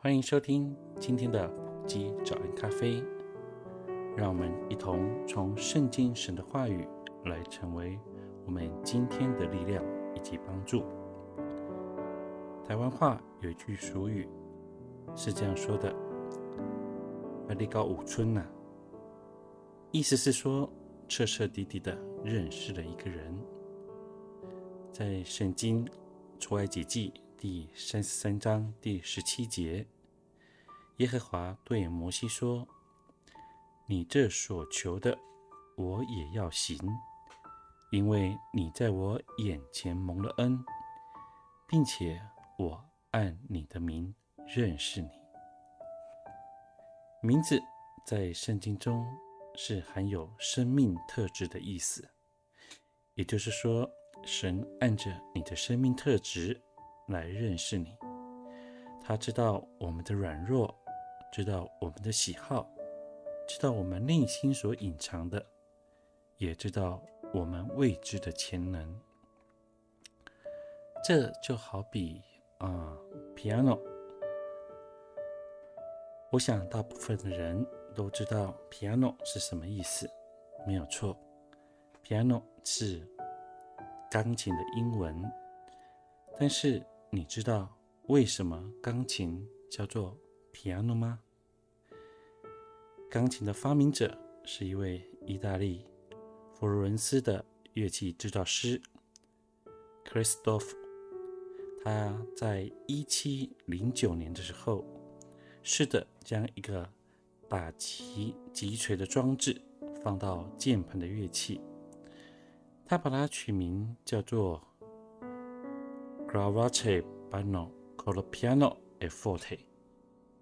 歡迎收聽今天的埔基早安咖啡，讓我們一同從聖經神的話語來成為我們今天的力量以及幫助。台灣話有一句俗語是這樣說的：“，而立高五春吶、啊”，意思是說徹徹底底的認識了一個人。在聖經出埃及記。第三十三章第十七節，耶和華對摩西說：“你這所求的，我也要行，因為你在我眼前蒙了恩，並且我按你的名認識你。名字在聖經中是含有生命特質的意思，也就是說，神按着你的生命特質。”來認識你，他知道我們的軟弱，知道我們的喜好，知道我們內心所隱藏的，也知道我們未知的潛能。這就好比啊、呃，piano。我想大部分的人都知道 piano 是什麼意思，沒有錯，piano 是鋼琴的英文，但是。你知道為什麼鋼琴叫做「piano」嗎？鋼琴的發明者是一位意大利佛羅倫斯的樂器制造師 Christoph，他在一七零九年的時候，試着將一個打擊擊錘的裝置放到鍵盤的樂器，他把它取名叫做。gravicembalo col piano e forte，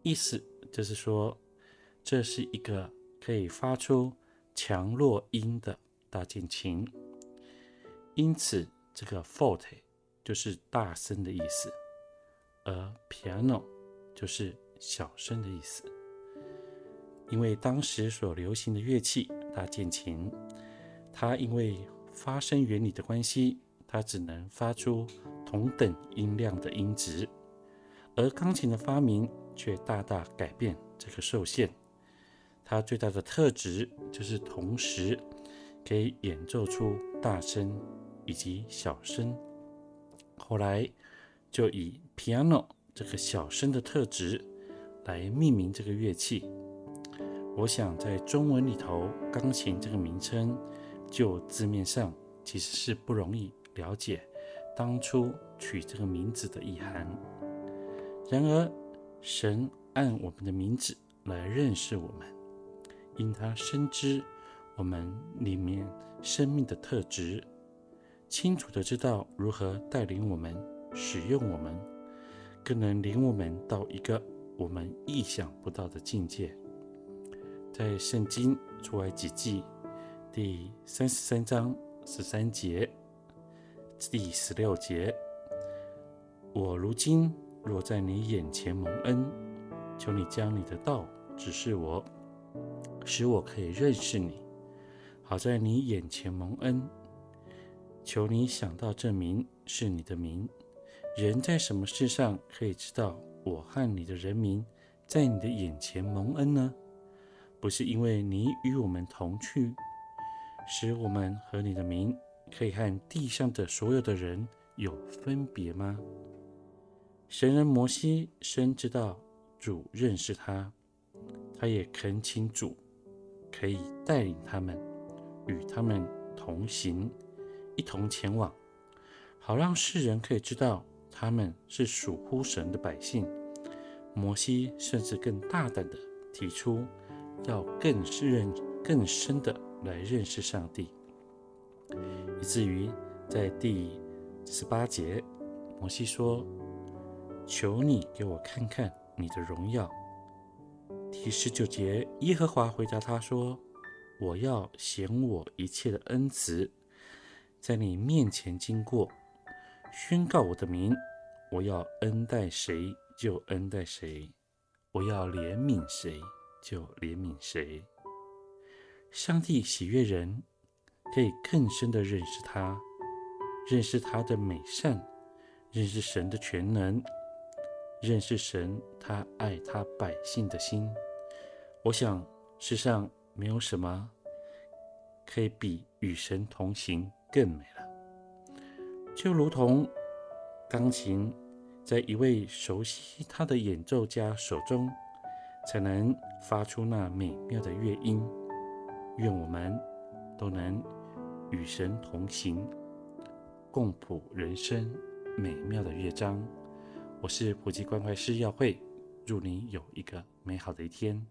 意思就是說，這是一個可以發出強弱音的大鍵琴。因此，這個 forte 就是大聲的意思，而 piano 就是小聲的意思。因為當時所流行的樂器大鍵琴，它因為發聲原理的關係，它只能發出。同等音量的音值，而鋼琴的發明卻大大改變這個受限。它最大的特質就是同時可以演奏出大聲以及小聲。後來就以 piano 這個小聲的特質來命名這個樂器。我想在中文裡頭，鋼琴這個名稱就字面上其實是不容易了解。當初取這個名字的意涵。然而，神按我們的名字來認識我們，因他深知我們裡面生命的特質，清楚地知道如何帶領我們、使用我們，更能領我們到一個我們意想不到的境界。在《聖經》出埃及記第三十三章十三節。第十六節，我如今若在你眼前蒙恩，求你將你的道指示我，使我可以認識你；好在你眼前蒙恩，求你想到這民是你的民。人在什麼事上可以知道我和你的人民在你的眼前蒙恩呢？不是因為你與我們同去，使我們和你的名。可以和地上的所有的人有分別嗎？神人摩西深知道主認識他，他也懇請主可以帶領他們，與他們同行，一同前往，好讓世人可以知道他們是屬乎神的百姓。摩西甚至更大膽地提出，要更深、更深的來認識上帝。至於在第十八節，摩西說：“求你給我看看你的榮耀。”第十九節，耶和華回答他說：“我要顯我一切的恩慈，在你面前經過，宣告我的名。我要恩待誰就恩待誰，我要憐憫誰就憐憫誰。上帝喜悅人。”可以更深地認識他，認識他的美善，認識神的全能，認識神他愛他百姓的心。我想，世上沒有什麼可以比與神同行更美了。就如同鋼琴，在一位熟悉他的演奏家手中，才能發出那美妙的樂音。願我們都能。與神同行，共譜人生美妙的樂章。我是埔基關懷師耀慧，祝你有一個美好的一天。